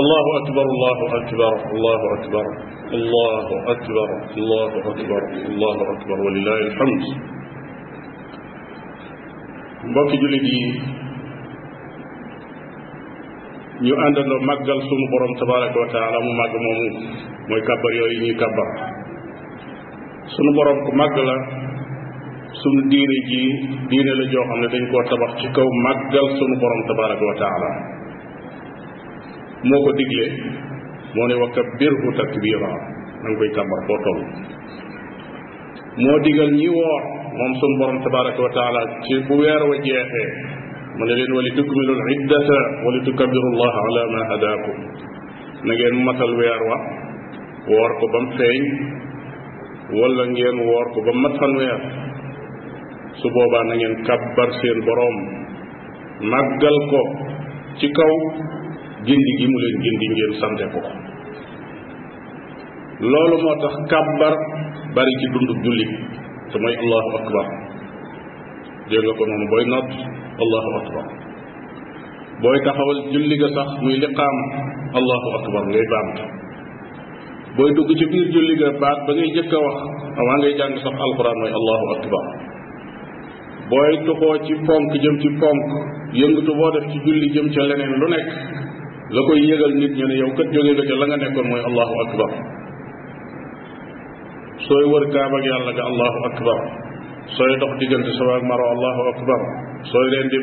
allahu akbar allahu akbar allahu akbar allahu akbar allahu akbar allahu akbar walilahi alhamd mbokki jullit yi ñu àndandoo màggal sunu borom tabaraka wa taala mu màgg moomu mooy kàbbar yooyu ñuy kàbbar sunu borom ku màgg la sunu diine ji diine la joo xam ne dañ koo tabax ci kaw màggal sunu borom tabaraka wa taala moo ko digle moo ne wakka birhu takbira na nga koy kàmbar foo toll moo digal ñi woor moom sunu borom tabaraka wa taala ci bu weer wa jeexee mu ne leen wali tukmilu l iddata wali tukabiru llah ala ma hadaakum na ngeen matal weer wa woor ko ba mu feeñ wala ngeen woor ko ba mat fan weer su boobaa na ngeen kàbbar seen boroom màggal ko ci kaw gindi gi mu leen gindi ngeen sante ko ko loolu moo tax kàbbar bari ci dundu jullit te mooy allahu akbar dégg nga ko noonu booy nodd allahu akbar booy taxawal julli ga sax muy liqaam allahu akbar ngay baamtu booy dugg ci biir julli ga baat ba ngay jëkk a wax avant ngay jàng sax alquran mooy allahu akbar booy tuxoo ci ponk jëm ci ponk yëngatu boo def ci julli jëm ca leneen lu nekk la koy yëgal nit ñu ne yow kat jóge nga ca la nga nekkoon mooy allahu akbar sooy wër kaaba yàlla nga allahu akbar sooy dox diggante safa ak allahu akbar sooy rendi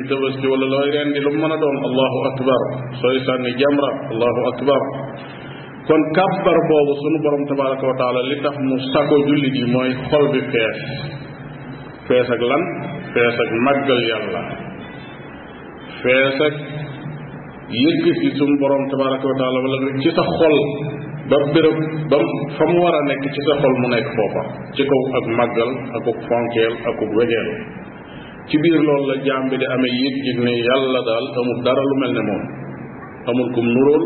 lu mu mën a doon allahu akbar sooy sànni jamra allahu akbar kon kàbbar boobu sunu borom tabaraka wa taala li tax mu sako jullit yi mooy xol bi fees fees ak lan fees ak yàlla fees yëkkati suñu borom tabaraka wa taala wala nga ci sa xol ba béréb ba fa mu war a nekk ci sa xol mu nekk foofa ci kaw ak màggal ak fonkeel ak wegeel ci biir loolu la jaam bi di amee yëg-yëg ne yàlla daal amul dara lu mel ne moom amul kum nuróol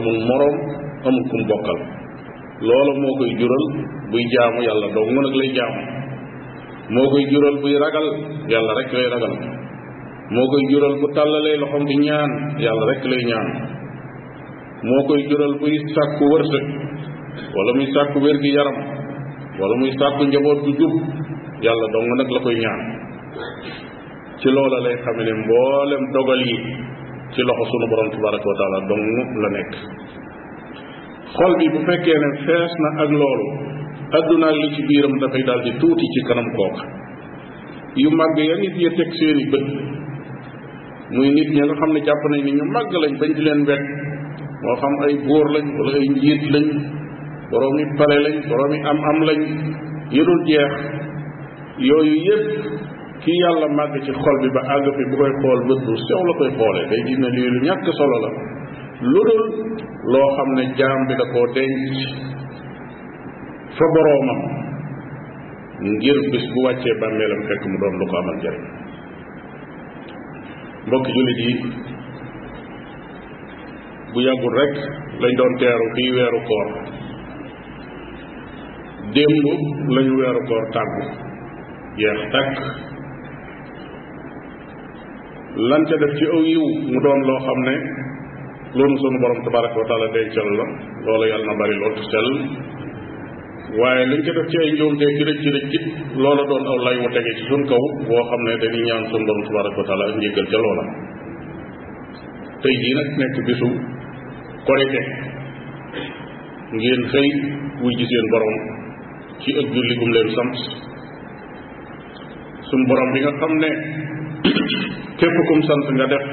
amul moroom amul kum bokkal loola moo koy jural buy jaamu yàlla dong nag lay jaamu moo koy jural buy ragal yàlla rekk lay ragal moo koy jural bu tàllalee loxoom di ñaan yàlla rekk lay ñaan moo koy jural buy sàkku wërsëg wala muy sàkku wér gi yaram wala muy sàkku njaboot bu jub yàlla dong nag la koy ñaan ci loola lay xame ne mboolem dogal yi ci loxo sunu borom tabaraka wa taala dong la nekk xol bi bu fekkee ne fees na ak loolu adduna ak li ci biiram dafay daal tuuti ci kanam kooka yu màgg ya nit ya teg seeni bët muy nit ña nga xam ne jàpp nañ ni ñu màgg lañ bañ di leen wet moo xam ay góor lañ wala ay njiit lañ boroomi pale lañ boroomi am-am lañ yëdul jeex yooyu yépp kii yàlla màgg ci xool bi ba àgg fi bu koy xool bët sew la koy xoolee day gis lii lu ñàkk solo la lu dul loo xam ne jaam bi da koo denc fa boroomam ngir bis bu wàccee bàmmeelam fekk mu doon lu ko amal njariñ mbokki jullit yi bu yàggul rek lañ doon teeru fii weeru koor démb lañu weeru koor tàggu yeex tàkk lan ca def ci aw yiw mu doon loo xam ne loolu sunu borom tabaraka wa taala dencal la loolu yàlla na bari lool sell waaye liñ ko def ci ay njuumte ci rëcc rëcc loola doon aw lay wu tege ci suñ kaw boo xam ne dañuy ñaan suñ borom tabaraka wa taala ak njéggal ca loola tey jii nag nekk bisu korite ngeen xëy wuy ji seen borom ci ak julli leen sant suñ borom bi nga xam ne képp kum sant nga def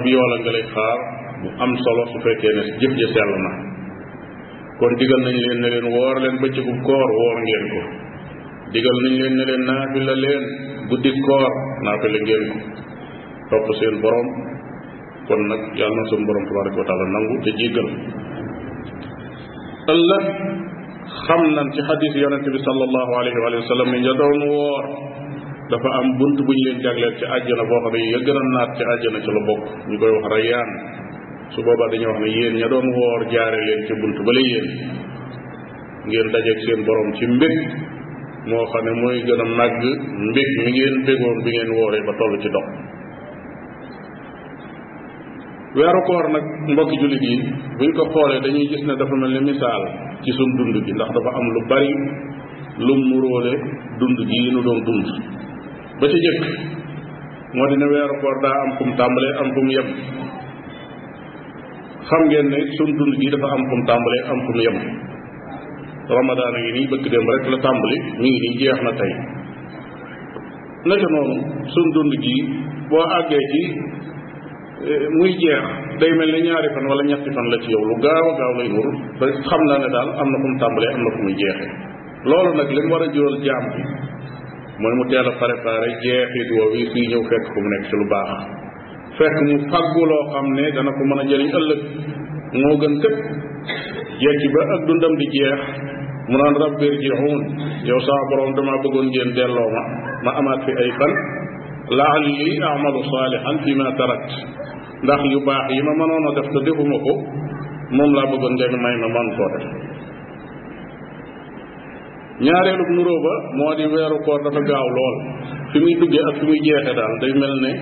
ab yoola nga lay xaar bu am solo su fekkee ne jëf ja sell na kon digal nañ leen ne leen woor leen bëccëgu koor woor ngeen ko digal nañ leen ne leen naafila leen guddi koor naafila ngeen ko topp seen boroom kon nag yàlla na suñu borom tabaraka wa taala nangu te jéggal ëllëg xam nañ ci xadis yonente bi sallallahu alayhi wa sallam ni ña doon woor dafa am bunt bu ñu leen jagleel ci àjjana boo xam ne naat ci àjjana ci la bokk ñu koy wax rayaan su boobaa dañuy wax ne yéen ña doon woor jaare leen ci bunt bale yéen ngeen dajeeg seen boroom ci mbég moo xam ne mooy gën a màgg mbég mi ngeen bégoon bi ngeen wooree ba toll ci dox weeru koor nag mbokki jullit yi buñ ko xoolee dañuy gis ne dafa mel ni misaal ci suñ dund gi ndax dafa am lu bari lu mu dund gi yi nu doon dund ba ci jëkk moo di ne weeru koor daa am fu mu tàmbalee am fu yem xam ngeen ne suñ dund gi dafa am fu mu tàmbalee am fu mu yem ramadaan a ngi nii bëkk dem rek la tàmbali mi ngi jeex na tey naka noonu suñ dund gi boo àggee ci eh, muy jeex day mel ni ñaari fan wala ñetti fan la ci yow lu gaaw a gaaw lay wër ba xam naa ne daal am na fu mu tàmbalee am na fu muy jeexee loolu nag li mu war a jural jaam bi mooy mu teel a préparé jeexit woowu fii ñëw fekk fu mu nekk ci lu baax fekk mu fàggu loo xam ne dana ko mën a jëriñ ëllëg moo gën képp yegg ba ak dundam di jeex mu naan rabbi irji'un yow saa borom damaa bëggoon ngeen delloo ma ma amaat fi ay fan la'alli a'malu saalihan fi ma tarakt ndax yu baax yi ma mënoon a def te defuma ko moom laa bëggoon ngeen may ma man koo def ñaareelu nuróo ba moo di weeru koor dafa gaaw lool fi muy duggee ak fi muy jeexee daal day mel ne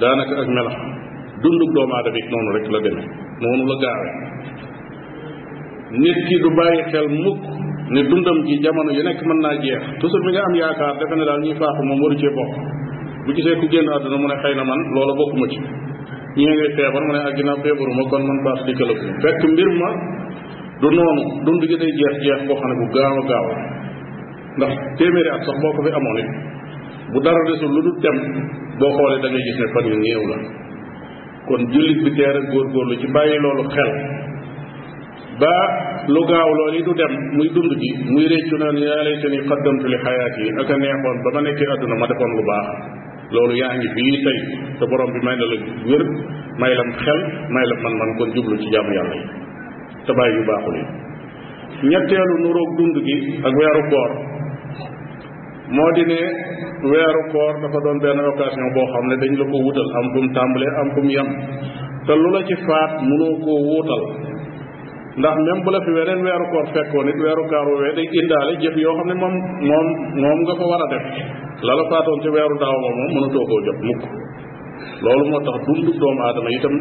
daanaka ak melax dundug doomu aadama it noonu rek la demee noonu la gaawee nit ki du bàyyi xel mukk ne dundam gi jamono yu nekk mën naa jeex toujours mi nga am yaakaar defe ne daal ñuy faatu moom waru cee bokk bu gisee ku génn àdduna mu ne xëy na man loola bokkuma ci ñu ngay feebar mu ne ak ah ginnaaw feebaruma kon man paas di këlabu fekk mbir ma du noonu dund gi day jeex jeex boo xam ne bu gaaw a gaaw ndax téeméeri at sax boo ko fi amoon it bu dara desul lu dul dem boo xoolee da ngay gis ne fan yu néew la kon jullit bi teel a góorgóorlu ci bàyyi loolu xel ba lu gaaw loolu du dem muy dund gi muy réccu naan yaa layta ni qaddamtu li xayaat yi ak a neexoon ba ma nekkee àdduna ma defoon lu baax loolu yaa ngi fii tey te borom bi may na la wér may xel may la man-man kon jublu ci jaamu yàlla yi te bàyyi yu baaxul yi ñetteelu nuroog dund gi ak weeru koor moo di ne weeru koor dafa doon benn occasion boo xam ne dañ la ko wutal am fu mu am fu mu te lu la ci faat mënoo koo wuutal ndax même bu la fi weneen weeru koor fekkoon it weeru kaaru wee day indaale jëf yoo xam ne moom moom moom nga ko war a def la la faatoon ci weeru daaw ba moom mënatoo koo jot mukk loolu moo tax dundu doomu aadama itam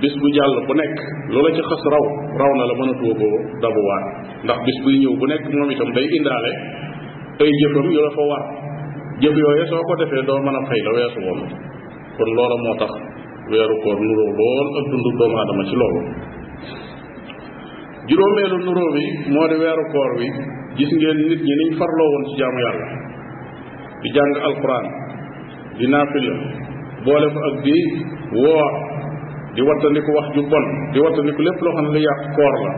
bis bu jàll bu nekk lu la ci xas raw raw na la mënatoo koo dabuwaat ndax bis buy ñëw bu nekk moom itam day indaale tey jëfam yu la war jëf yooye soo ko defee doo mën a fay la weesu woon kon loola moo tax weeru koor nuroo lool ak dundu doomu aadama ci loolu juróomeelu nuroo bi moo di weeru koor wi gis ngeen nit ñi niñ farloo woon ci jaamu yàlla di jàng alquran di naafila boole fa ak di woor di wattandiku wax ju bon di wattandiku lépp loo xam lu yàq koor la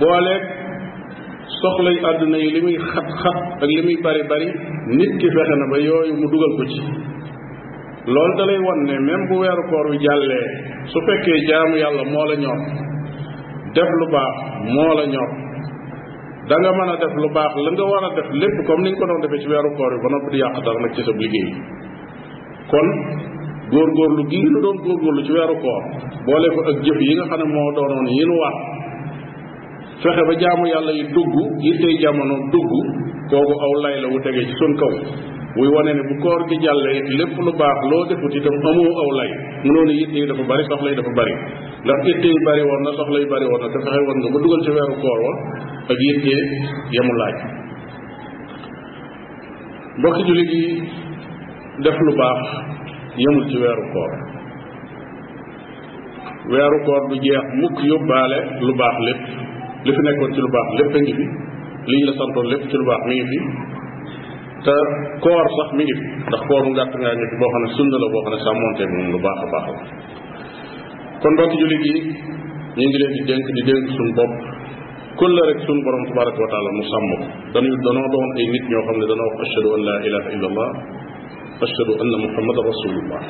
booleeg soxlay àdduna yi li muy xat-xat ak li muy bari bari nit ki fexe na ba yooyu mu dugal ko ci loolu da lay wan ne même bu weeru koor wi jàllee su fekkee jaamu yàlla moo la ñor def lu baax moo la ñor danga nga mën a def lu baax la nga war a def lépp comme ni nga ko doon defee ci weeru koor wi ba noppi di yàq dara ci sa liggéey kon góorgóorlu gii nga doon ci weeru koor boole ko ak jëf yi nga xam ne moo doonoon yi nu waat fexe ba jaamu yàlla yi dugg yittey jamono dugg kooku aw lay la wu tegee ci sun kaw wuy wane ne bu koor gi jàllee lépp lu baax loo defut itam amoo aw lay mënoo ne dafa bari soxla yi dafa bari ndax yitte yi bari woon na soxla yi bari woon na te fexe woon nga ba dugal ci weeru koor wa ak yitte yamu laaj mbokki jullit yi def lu baax yemul ci weeru koor weeru koor du jeex mukk yóbbaale lu baax lépp li fi nekkoon ci lu baax lépp a ngi fi li ñu la lépp ci lu baax mi ngi fi te koor sax mi dax koor mu gàtt ngaa ngi fi boo xam ne sunna la boo xam ne sàmmonte moom lu baax a baax kon mbokki jullit yi ñu ngi leen di dénk di dénk suñu bopp kulla rek suñu borom tabaraka wa taala mu sàmm ko dañuy danoo doon ay nit ñoo xam ne danoo wax ashhadu an la ilaha illa allah ashhadu anna muhammadan rasulullah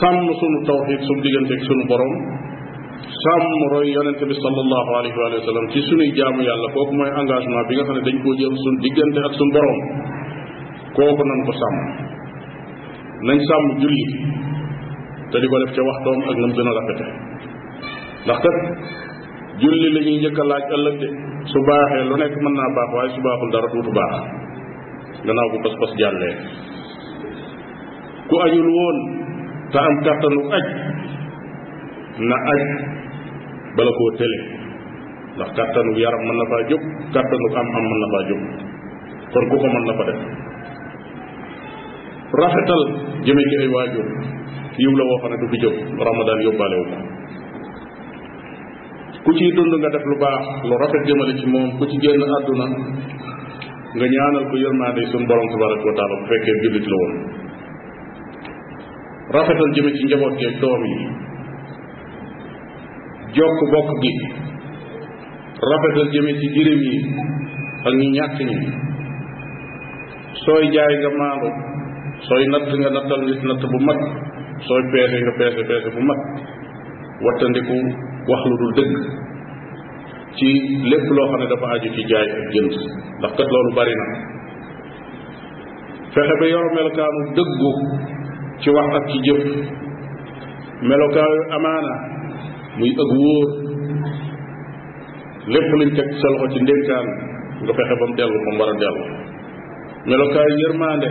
sàmm suñu tawxid suñu digganteeg suñu borom sàmm roy yonente bi sallallahu alayhi wa sallam ci sunuy jaamu yàlla kooku mooy engagement bi nga xam ne dañ koo jël suñ diggante ak suñ boroom kooku nañ ko sàmm nañ sàmm julli te di ko def ca waxtoom ak nam gën a rafete ndax kat julli la ñuy laaj ëllëg de su baaxee lu nekk mën naa baax waaye su baaxul dara tuutu baax gannaaw bu pas-pas jàllee ku ajul woon te am kàttanu aj na aj bala koo tële ndax kàttanu yaram mën na faa jóg kàttanu am-am mën na faa jóg kon ku ko mën na fa def rafetal jëme ci ay waajur yiw la woo xam ne du fi jóg ramadaan yóbbaale wu ko ku ciy dund nga def lu baax lu rafet jëmale ci moom ku ci génn àdduna nga ñaanal ko yërmaande suñu borom tabaraka wa taala bu fekkee jullit la woon rafetal jëme ci njaboot geeg doom yi jokk bokk gi rafetal jëme ci jirim yi ak ñi ñàkk ñi sooy jaay nga maandu sooy natt nga nattal nit natt bu mat sooy peese nga peese peese bu mag wattandiku wax lu dul dëgg ci lépp loo xam ne dafa aju ci jaay ak jënd ndax kat loolu bari na fexe ba yor melokaanu dëggu ci wax ak ci jëf melokaayu amaana muy ak wóor lépp luñ teg sa loxo ci ndénkaan nga fexe ba mu dellu fa mu a dellu melokaayu yërmaande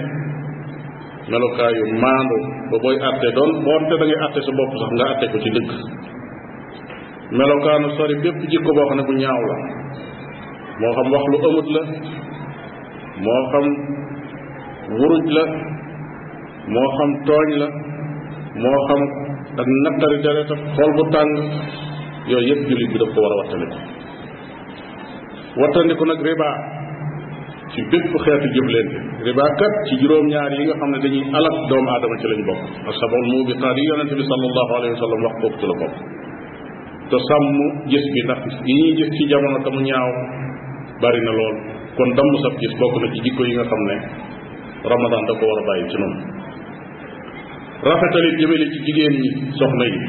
melokaayu maandu ba booy àtte doon boonte da àtte sa bopp sax nga àtte ko ci dëgg melokaanu sori bépp jikko boo xam ne bu ñaaw la moo xam wax lu amut la moo xam wuruj la moo xam tooñ la moo xam ak naqari deretam xool bu tàng yooyu yëpp jullit bi daf ko war a wattandiku wattandiku nag riba ci bépp xeetu jëflante riba kat ci juróom-ñaar yi nga xam ne dañuy alak doomu aadama ci lañ bokk asabul mubiqaat yi yonente bi sallallahu alayhi wa sallam wax kooku ci la bokk te sàmm gis bi ndax yi ñuy gis ci jamono te mu ñaaw bari na lool kon damm sab gis bokk na ci jikko yi nga xam ne ramadan da ko war a bàyyi ci noonu rafetalit jëmale ci jigéen ñi soxna yi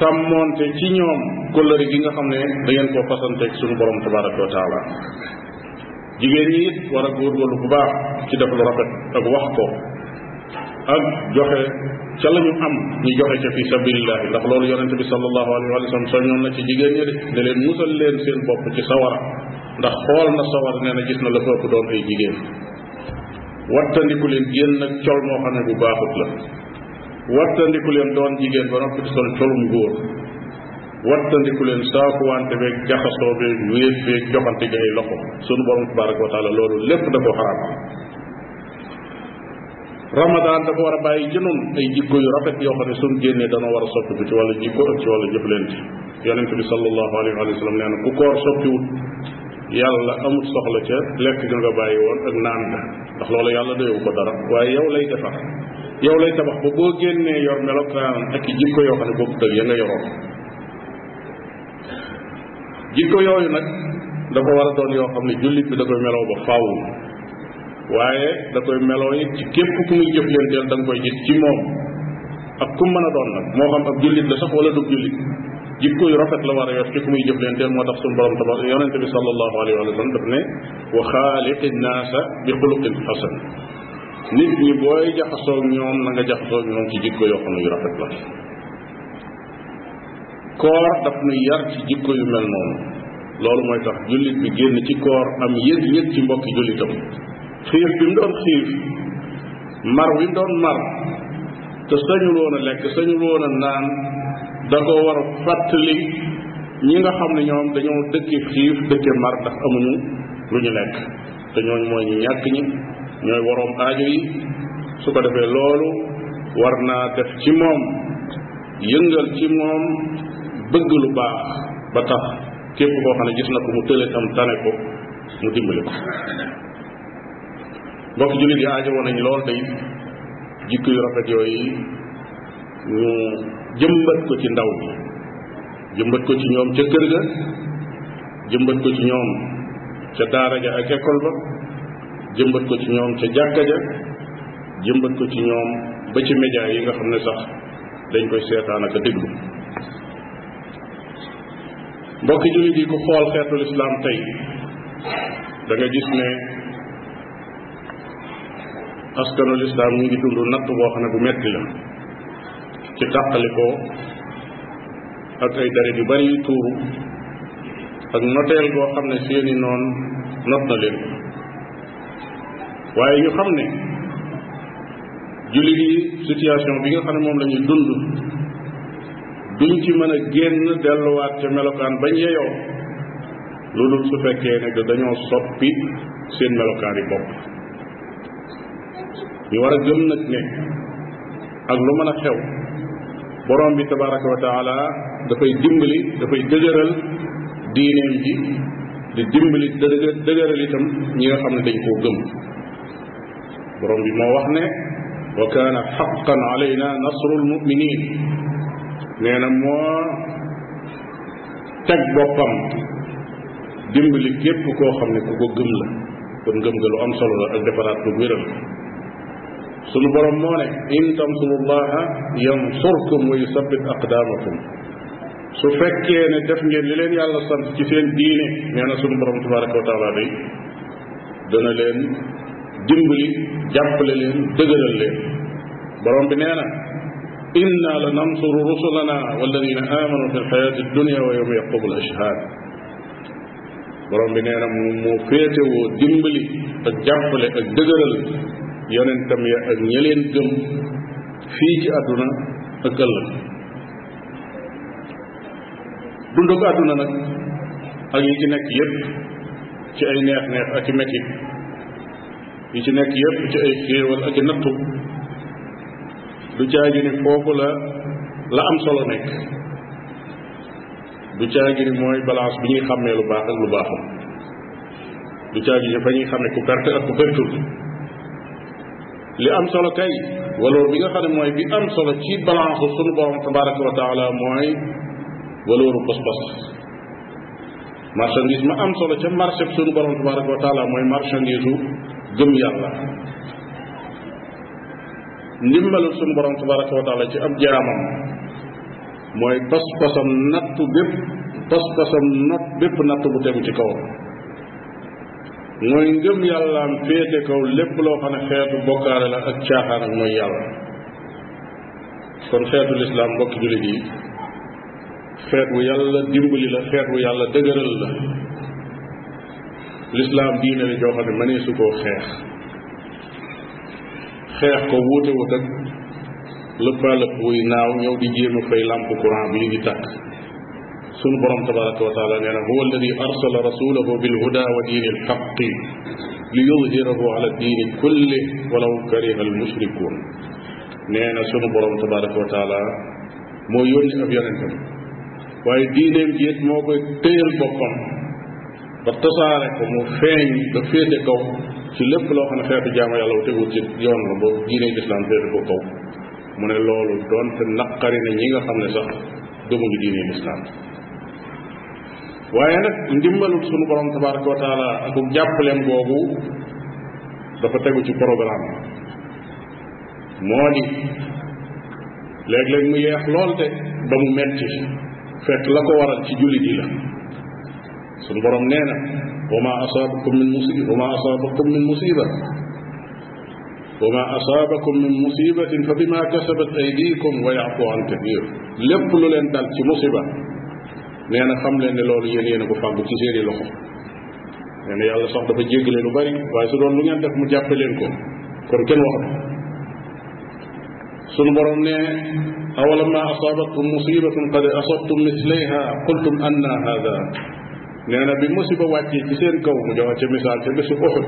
sàmmoonte ci ñoom kóllëre gi nga xam ne da ngeen koo fasanteeg suñu borom tabaraka wa taala jigéen ñi it war a góor góorgóorlu bu baax ci def lu rafet ak wax ko ak joxe ca la am ñu joxe ca fi sabilillahi ndax loolu yonente bi sallallahu alayhi wa sallam soñoon na ci jigéen ñi de ne leen musal leen seen bopp ci sawara ndax xool na sawara nee na gis na la fa ëpp doon ay jigéen wattandiku leen génn ak col moo xam ne bu baaxut la wattandiku leen doon jigéen ba noppi sol colum góor wattandiku leen saakuwante beeg jaxasoo beeg wéet beeg joxante gi ay loxo sunu borom tabaraka wa loolu lépp da ko xaraam ramadaan dafa war a bàyyi ci ay jikko yu rafet yoo xam ne suñ génnee danoo war a soppiku ci wàllu jikko ak ci wàllu jëflante yonente bi sallallahu alayhi wa sallam nee na ku koor soppiwut yàlla amut soxla ca lekk ga nga bàyyi woon ak naan ga ndax loolu yàlla doyewu ko dara waaye yow lay defar yow lay tabax ba boo génnee yor melokaan ak i jikko ne boobu tëg ya nga yoroon jikko yooyu nag dafa war a doon yoo xam ne jullit bi da koy meloo ba faaw waaye da koy meloo yi ci képp ku muy jëflanteel da nga koy gis ci moom ak ku mën a doon nag moo xam ab jullit la sax wala dug jullit jikko yu rafet la war a yor ci ku muy jëflanteel moo tax suñu borom tabax yonente bi sallallahu alayhi wa sallam daf ne wa xaaliqi naasa bi xuluqin xasan nit ñi booy jaxasoog ñoom na nga jaxasoog ñoom ci jikko yoo xam ne yu rafet la koor daf nu yar ci jikko yu mel noonu loolu mooy tax jullit bi génn ci koor am yëg-yëg ci mbokki jullitam xiif bi mu doon xiif mar wi mu doon mar te sañul woon a lekk sañul woon a naan da ko war a fàttali ñi nga xam ne ñoom dañoo dëkke xiif dëkke mar ndax amuñu lu ñu lekk te ñooñ mooy ñu ñàkk ñi ñooy waroom aajo yi su ko defee loolu war naa def ci moom yëngal ci moom bëgg lu baax ba tax képp koo xam ne gis na ko mu tële tam tane ko mu dimbali ko mbokk jullit yi aajo woon nañ lool day jikko yu rafet yooyu ñu jëmbat ko ci ndaw ñi jëmbat ko ci ñoom ca kër ga jëmbat ko ci ñoom ca daara ja ak école ba jëmbat ko ci ñoom ca jàkka ja jëmbat ko ci ñoom ba ci média yi nga xam ne sax dañ koy seetaan ak a déglu mbokki jullit yi ku xool xeetul islaam tey da nga gis ne askanul islaam ñu ngi dund natt boo xam ne bu metti la ci tàqalikoo ak ay deret yu bari yu tuuru ak noteel boo xam ne seeni noon not na leen waaye ñu xam ne jullit yi situation bi nga xam ne moom lañuy ñuy dund duñ ci mën a génn delluwaat ca melokaan bañ yeyoo lu dul su fekkee ne dañoo soppi seen melokaan yi bopp ñu war a gëm nag ne ak lu mën a xew borom bi tabaraka wa taala dafay dimbali dafay dëgëral diineem ji di dimbali dëgëral itam ñi nga xam ne dañ koo gëm borom bi moo wax ne wa kaana xaqan alayna nasrul muminin nee na moo teg boppam dimbali képp koo xam ne ku ko gëm la kon gëm nga lu am solo la ak defaraat ko wéral suñu borom moo ne in tansurullaha yansurkum wa yusabbit aqdaamakum su fekkee ne def ngeen li leen yàlla sant ci seen diine nee na suñu borom tabaraka wa taala day dana leen dimbali jàppale leen dëgëral leen borom bi nee na inna la nansuru rusulana walladina amanu fi lxayaati dunia wa yowma yaqumu l ashhaad borom bi nee na moo féetewoo dimbali ak jàppale ak dëgëral yonentam ya ak ña leen gëm fii ci àdduna ak ëllëg dundug àdduna nag ak yi ci nekk yépp ci ay neex-neex ak i metit yi ci nekk yépp ci ay xéewal ak i nattu du caagi ni foofu la la am solo nekk du caagi ni mooy balance bi ñuy xàmmee lu baax ak lu baaxul du caagi ni fa ñuy xàmmee ku perte ak ku pertul li am solo kay waloor bi nga xam ne mooy bi am solo ci balance sunu borom tabaraka wa taala mooy walooru pas-pas ma am solo ca marché bi sunu borom tabaraka wa taala mooy marchandise u gëm yàlla ndimbalul sunu borom tabaraka wa taala ci ab jaamam mooy pas-pasam nattu bépp pas bu tegu ci kaw mooy ngëm yàllaam féete kaw lépp loo xam ne xeetu bokkaale la ak caaxaan ak mooy yàlla kon xeetu lislaam mbokki jullit yi xeet wu yàlla dimbali la xeet wu yàlla dëgëral la lislaam diine la ne mënee su koo xeex xeex ko wuute wut ak lëppaalëpp wuy naaw ñëw di jéem a fay làmp courant bi di tàkk sunu borom tabaraka wa taala nee na huwa alladi arsala rasulahu bilhuda wa diini alxaqi li yudhirahu ala diini kulli walaw kariha almushrikun nee na sunu borom tabaraka wa taala moo yónni ab yonentam waaye diineem ji it moo koy téyal boppam ba tasaare ko mu feeñ ba féete kaw ci lépp loo xam ne xeetu jaamu yàlla wu tegul ci yoon la ba diine islam féete ko kaw mu ne loolu doonte naqari na ñi nga xam ne sax gëmuñu diine islam waaye nag ndimbalul sunu borom tabaraka wa taala ak jàppaleem boobu dafa tegu ci programme moo di léeg-léeg mu yeex lool de ba mu metti fekk la ko waral ci jullit yi la sunu borom nee na wa ma asaabakum min musiba wa ma asaabakum min musiba fa bima kasabat aydikum wa yaafu an kathir lépp lu leen dal ci musiba nee na xam leen ne loolu yéen yéen a ko fàggu ci seeni loxo nee na yàlla sax dafa jéggale lu bari waaye su doon lu ngeen def mu jàppe leen ko kon kenn waxatu sunu borom ne awalamma asaabatkum musibatun qad asabtum mislayha qultum anna hada nee na bi musiba wàccee ci seen ko mu joxe ca misaal ca bésu Uhud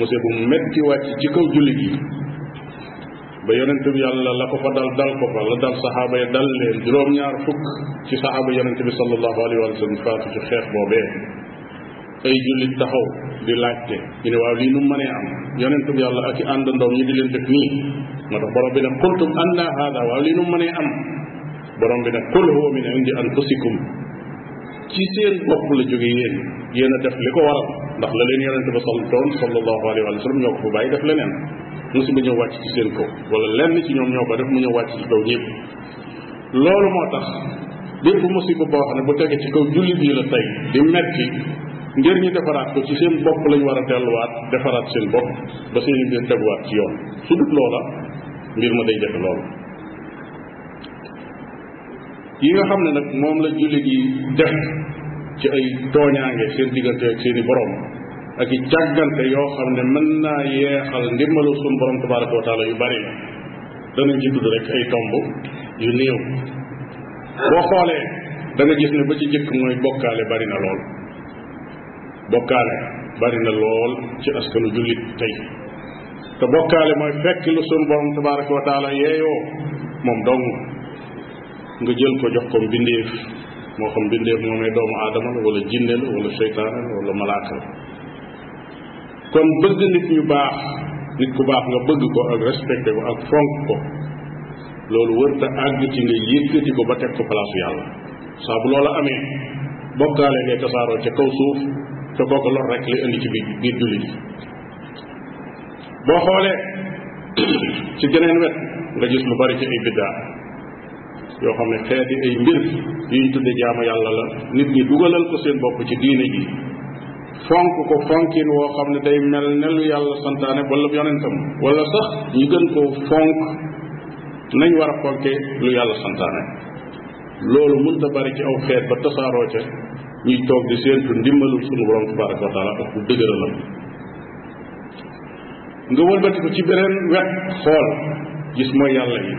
musiba mu metti wàcc ci kaw jullit ba yonente bi yàlla la ko fa dal dal ko fa la dal saxaaba ya dal leen juróom-ñaar fukk ci saxaaba yonente bi sallallahu alayhi wa sallam faatu ci xeex boobee ay jullit taxaw di laajte ñu ne waaw lii nu mënee am yonente bi yàlla ak i àndandoom ñi di leen def nii moo tax borom bi ne qultum anna haada waaw lii nu mënee am borom bi ne qul huwa min indi anfusikum ci seen bopp la jóge yéen yéen a def li ko waral ndax la leen yonente ba sal doon sallallahu alayhi wa sallam ñoo ko fa bàyyi def leneen musuma ñëw wàcc ci seen kaw wala lenn ci ñoom ñoo ba def mu ñëw wàcc ci kaw ñëpp loolu moo tax bépp musiba boo xam ne bu tege ci kaw jullit yi la tey di metti ngir ñi defaraat ko ci seen bopp lañ war a delluwaat defaraat seen bopp ba seen mbir teguwaat ci yoon su dut loola mbir ma day defe loolu yi nga xam ne nag moom la jullit yi def ci ay tooñaange seen diggante ak seen borom ak i càggante yoo xam ne mën naa yeexal ndimbalu sunu borom tabaraka wa yu bari danañ ci tudd rek ay tomb yu néew boo xoolee da nga gis ne ba ci jëkk mooy bokkaale bari na lool bokkaale bari na lool ci askanu jullit tey te bokkaale mooy fekk lu sunu borom tabaraka wa yeeyoo moom dong nga jël ko jox ko mbindeef moo xam mbindeef moomee doomu aadama la wala jinne la wala seytaane la wala malaaka la kon bëgg nit ñu baax nit ku baax nga bëgg ko ak respecté ko ak fonk ko loolu wërta àgg ci nga yëkkati ko ba teg ko place yàlla saa bu loola amee bokkaale ngay tasaaroo ca kaw suuf te kooku lor rek li indi ci biir biir jullit boo xoolee ci geneen wet nga gis lu bari ci ay biddaa yoo xam ne xeeti ay mbir yuñ tudde jaamu yàlla la nit ñi dugalal ko seen bopp ci diine ji fonk ko fonkin woo xam ne day mel ne lu yàlla santaane wala yonentam wala sax ñu gën ko fonk nañ war a fonke lu yàlla santaane loolu mënta bari ci aw xeet ba tasaaroo ca ñuy toog di séentu ndimbalul sunu borom tabaraka wa taala ak bu nga wëlbati ko ci beneen wet xool gis mooy yàlla yi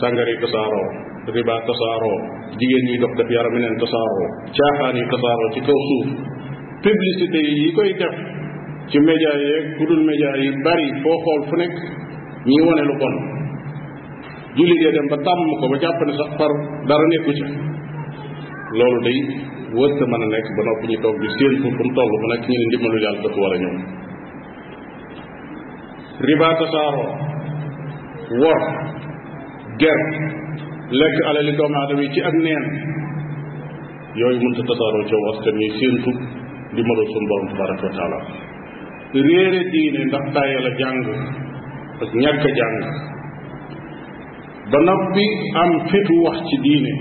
sàngari tasaaroo riba tasaaroo jigéen ñuy dox def yaram neen tasaaroo caaxaan yi tasaaroo ci kaw suuf publicité yi koy def ci média yeeg ku dul média yi bari foo xool fu nekk ñi wane lu bon jullit dem ba tàmm ko ba jàpp sax par dara nekku ca loolu day wërta mën a nekk ba noppi ñu toog bi seen pour fu mu toll mu nekk ñu ne ndimbalu yàlla dafa war a ñëw riba tasaaroo wor ger lekk alali doomu yi ci ak neen yooyu mënta tasaaroo ci askan yi séentu di maloo suñu borom tabaraka wa taala diine ndax tàyyal a jàng ak ñàkk a jàng ba noppi am fitu wax ci diine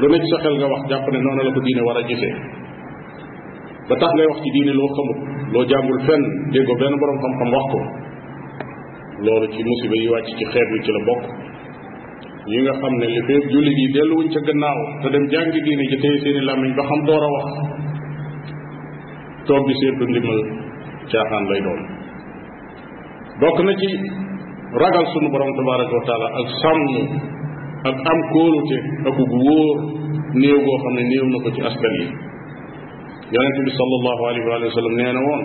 lu nekk sa xel nga wax jàpp ne noonu la ko diine war a gisee ba tax ngay wax ci diine loo xamut loo jàngul fenn déggoo benn boroom xam-xam wax ko loolu ci musiba yi wàcc ci xeet wi ci la bokk yi nga xam ne li feeg jullit yi delluwuñ ca gannaaw te dem jàngi diine ji tey seeni làmmiñ ba xam door a wax toog di seetu ndimbal caaxaan lay doon bokk na ci ragal sunu borom tabaraka wa taala ak sàmm ak am kóolute ak gu wóor néew goo xam ne néew na ko ci askan yi yonente bi sallallahu alayhi wa sallam nee na woon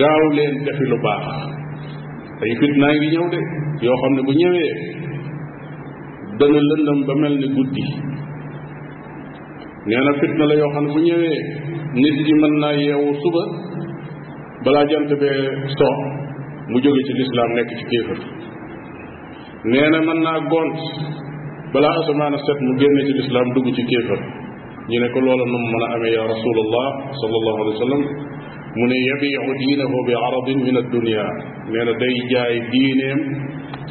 gaaw leen defi lu baax ay fitnaa ngi ñëw de yoo xam ne bu ñëwee dana lëndam ba mel ni guddi nee na fitna la yoo xam ne bu ñëwee nit ki mën naa yeewu suba balaa jant bee soo mu jóge ci lislaam nekk ci kéefër nee na mën naa gont balaa asamaan a set mu génne ci lislaam dugg ci kéefër ñu ne ko loola nu mën a ame ya rasulallah sallallahu alayhi wa mu ne yabiu diinahu bi aradin min ad dunia nee na day jaay diineem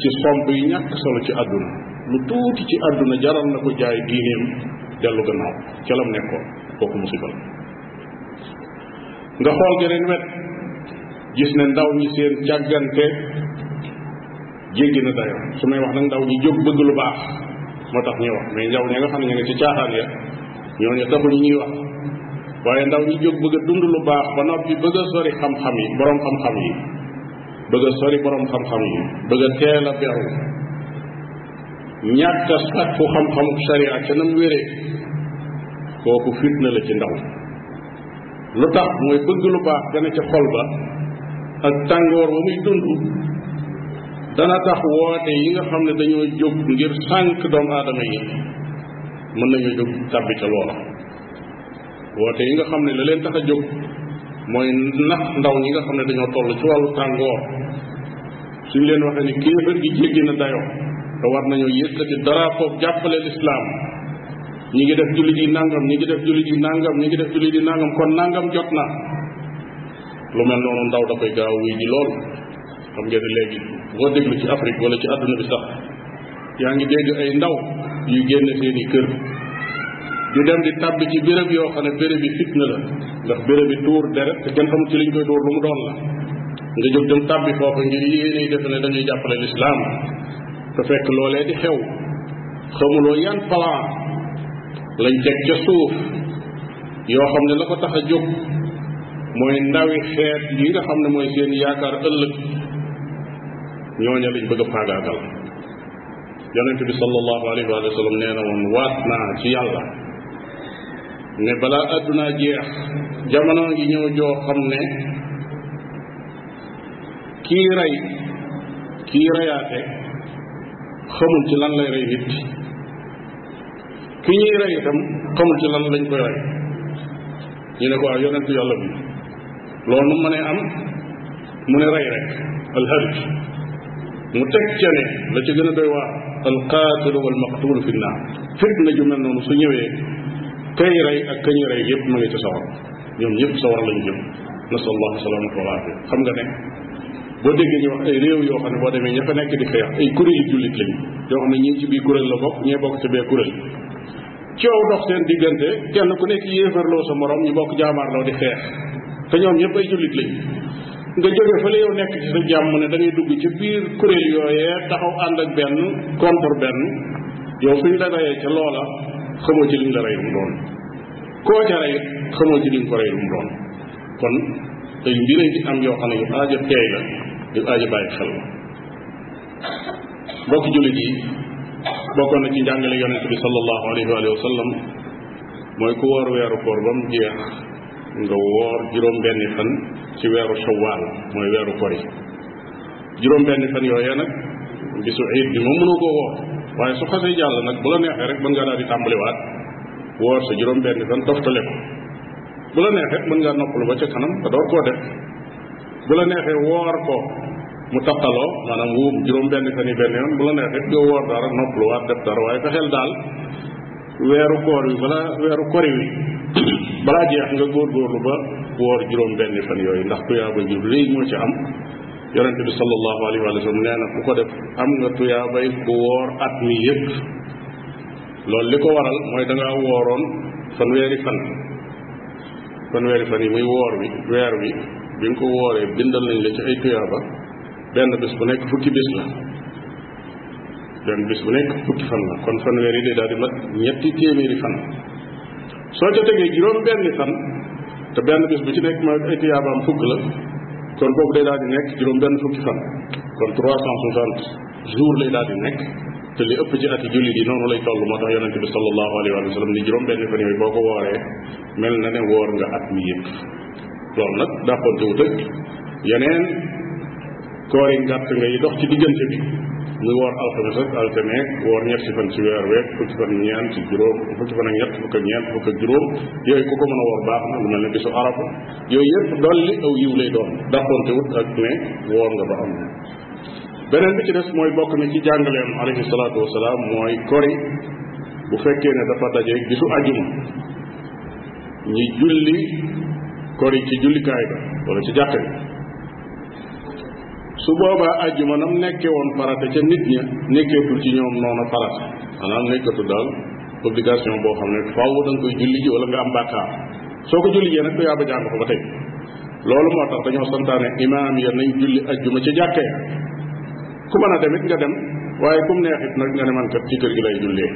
ci somp yi ñàkk solo ci àdduna lu tuuti ci àdduna jaral na ko jaay diineem dellu gannaaw ca lam nekkoon kooku musiba la nga xool geneen wet gis ne ndaw ñi seen càggante jéggi na dayo su may wax nag ndaw ñi jóg bëgg lu baax moo tax ñuy wax mais ndaw ñi nga xam ne ñu ngi ci caaxaan ya ñooñu taxuñu ñuy wax waaye ndaw ñi jóg bëgg dund lu baax ba noppi bëgg sori xam-xam yi boroom xam-xam yi bëgg a sori boroom xam-xam yi bëgg teel a beru ñàkk a sàkku xam-xamu sariya ca nam wéree kooku fitna la ci ndaw lu tax mooy bëgg lu baax gane ca xol ba ak tàngoor ba muy dund dana tax woote yi nga xam ne dañoo jóg ngir sànq doomu aadama yi mën nañoo jóg tàbbi ca woote yi nga xam ne la leen tax a jóg mooy nax ndaw ñi nga xam ne dañoo toll ci wàllu tàngoor suñ leen waxee ni kéefër gi jéggi na dayoo te war nañoo yëkkati drapeau jàppale lislaam ñi ngi def jullit yi nangam ñi ngi def jullit yi nangam ñi ngi def jullit yi nangam kon nangam jot na lu mel noonu ndaw da koy gaaw wuy ji lool xam ngeen léegi boo déglu ci Afrique wala ci àdduna bi sax yaa ngi dégg ay ndaw yu génne seen i kër di dem di tàbbi ci béréb yoo xam ne béréb yi fitna la ndax béréb yi tuur deret te kenn xamul ci liñ koy tuur lu mu doon la nga jóg dem tàbbi foofa ngir yéene defe jàppale lislaam te fekk loolee di xew xamuloo yan plan lañ teg ca suuf yoo xam ne la ko tax a jóg mooy ndawi xeet yi nga xam ne mooy seen yaakaar ëllëg ñooña lañ bëgg a faagaagal yonent bi sallallahu alayhi wa sallam nee na woon waat naa ci yàlla ne balaa àdduna jeex jamono ngi ñëw joo xam ne kii rey kii reyaate xamul ci lan lay rey nit ki ñuy rey itam xamul ci lan lañ koy rey ñu ko waaw ah, yonent yàlla bi loolu nu am mu ne rey rek alharj mu teg ca ne la ci gën a doy waa alqaatilu wal maqtuul fi naar fitna ju mel noonu su ñëwee kay rey ak ka ñuy rey yépp ma ngi ci sawar ñoom ñëpp sawar lañu jëm nasal allahu salaamatu wal aafiya xam nga ne boo déggee ñu wax ay réew yoo xam ne boo demee ña fa nekk di xeex ay kuréeli jullit lañu yoo xam ne ñii ci biir kuréel la bokk ñee bokk ci bee kuréel coow dox seen diggante kenn ku nekk yéefarloo sa morom ñu bokk jaamaarloo di xeex te ñoom ñëpp ay jullit lañu nga jóge fa la nekk ci sa jàmm ne da dugg ci biir kuréel yooyee taxaw ànd ak benn contre benn yow suñ ñu reyee ca loola xamoo ci liñ la rey lu mu doon koo ca rey xamoo ci liñ ko rey a ngi di aaja bàyyi xel la mbokki jullit yi bokkoon na ci njàngale yonente bi sallallahu alayhi wa sallam mooy ku woor weeru koor ba mu jeex nga woor juróom-benni fan ci weeru shawaal mooy weeru kori juróom-benni fan yooyee nag bisu iid bi moom mënoo koo woor waaye su xasee jàll nag bu la neexee rek mën ngaa daal di tàmbaliwaat woor sa juróom-benni fan toftale ko bu la neexee mën ngaa noppalu ba ca kanam te door koo def bu la neexee woor ko mu taftaloo maanaam wuub juróom benn fan yi benn yoon bu la neexee nga woor dara noppaluwaat def dara waaye fexeel daal weeru koor wi balaa weeru kori wi balaa jeex nga góorgóorlu ba woor juróom benn fan yooyu ndax tuyaaba ju rëy moo ci am yonent bi sallallahu alayhi wa sallam nee na ku ko def am nga tuyaabay ku woor at mi yëpp loolu li ko waral mooy dangaa wooroon fanweeri fan fanweeri fan yi muy woor wi weer wi bi nga ko wooree bindal nañ la ci ay tuyaaba benn bis bu nekk fukki bis la benn bis bu nekk fukki fan la kon fanweer yi day daal di mat ñetti téeméeri fan soo ca tegee juróom benni fan te benn bis bu ci nekk ma ay fukk la kon boobu day daal di nekk juróom benn fukki fan kon trois cent soixante jours lay daal di nekk te li ëpp ci ati jullit yi noonu lay toll moo tax yonente bi sallallahu alayhi wa sallam ni juróom benn fan yooyu boo ko wooree mel na ne woor nga at mi yëpp loolu nag dàppante koori ngàtt nga yi dox ci diggante bi muy woor alxames ak alteneeg woor ñetti fan ci weer week fukki fan ñeent ci juróom fukki fan ak ñett fukk ak ak juróom yooyu ku ko mën a woor baax na lu mel ne su arafa yooyu yëpp dolli aw yiw lay doon dàqonte wut ak ne woor beneen bi ci des mooy bokk na ci jàngaleem alayhi salaatu wasalaam mooy kori bu fekkee ne dafa daje bisu ajuma ñi julli kori ci jullikaay ba wala ci jàkka bi su boobaa ajjuma nam nekke woon farata ca nit ña nekkeetul ci ñoom noonu farata maanaam nekkatu daal obligation boo xam ne faaw da nga koy julli ji wala nga am bàkkaar soo ko julli jee nag ko yaaba jàng fa ba tey loolu moo tax dañoo santaane imaam ya nañ julli ajjuma ca jàkkee ku mën a dem it nga dem waaye kum neexit nag nga ne man ci kër gi lay jullee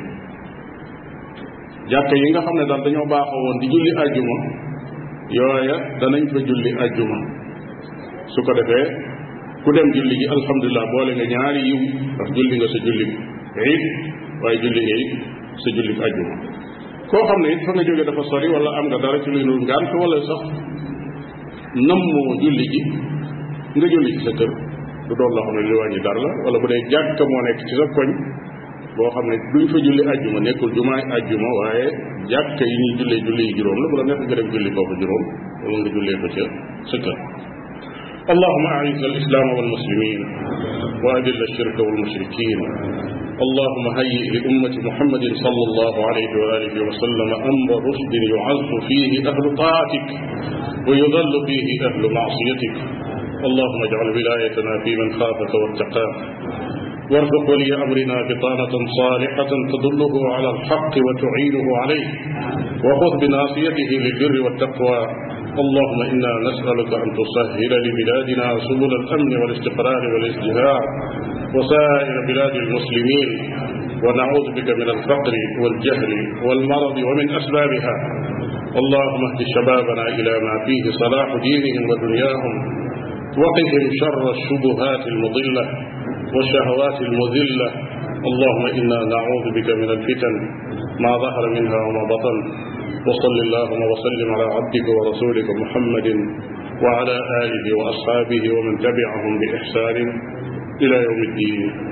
jàkk yi nga xam ne daal dañoo baaxoo woon di julli ajjuma yooya danañ fa julli ajjuma su ko ku dem julli gi alhamdulilah boole nga ñaari yiw ndax julli nga sa julli iid waaye julli nga it sa xam ne it fa dafa sori wala am nga dara ci wala sax nammoo julli gi nga julli loo xam ne li wàññi dara la wala bu dee jàkka moo nekk ci sa koñ boo xam ne duñ fa julli ajjuma nekkul jumaay ajjuma waaye jàkka yi ñuy jullee julli yi juróom la bu la nekk nga dem julli foofu juróom wala nga jullee ko ca sa kër اللهم أعز الإسلام والمسلمين وأذل الشرك والمشركين اللهم هيئ لأمة محمد صلى الله عليه وآله وسلم أمر رشد يعز فيه أهل طاعتك ويذل فيه أهل معصيتك اللهم اجعل ولايتنا في من خافك واتقاك وارزق ولي امرنا بطانة صالحة تدله على الحق وتعينه عليه وخذ بناصيته للبر والتقوى allahuma inna nasaluka an tusahhila li biladina subul al amni wal istiqrari wal ازدهار وسائر بلاد المسلمين ونعوذ بك من الفقر والجهل والمرض ومن أسبابها اللهم اهد شبابنا إلى ما فيه صلاح دينهم ودنياهم وقهم شر الشبهات المضلة والشهوات المذلة اللهم إنا نعوذ بك من الفتن ما ظهر منها وما بطن وصل اللهم وسلم على عبدك ورسولك محمد وعلى آله وأصحابه ومن تبعهم بإحسان إلى يوم الدين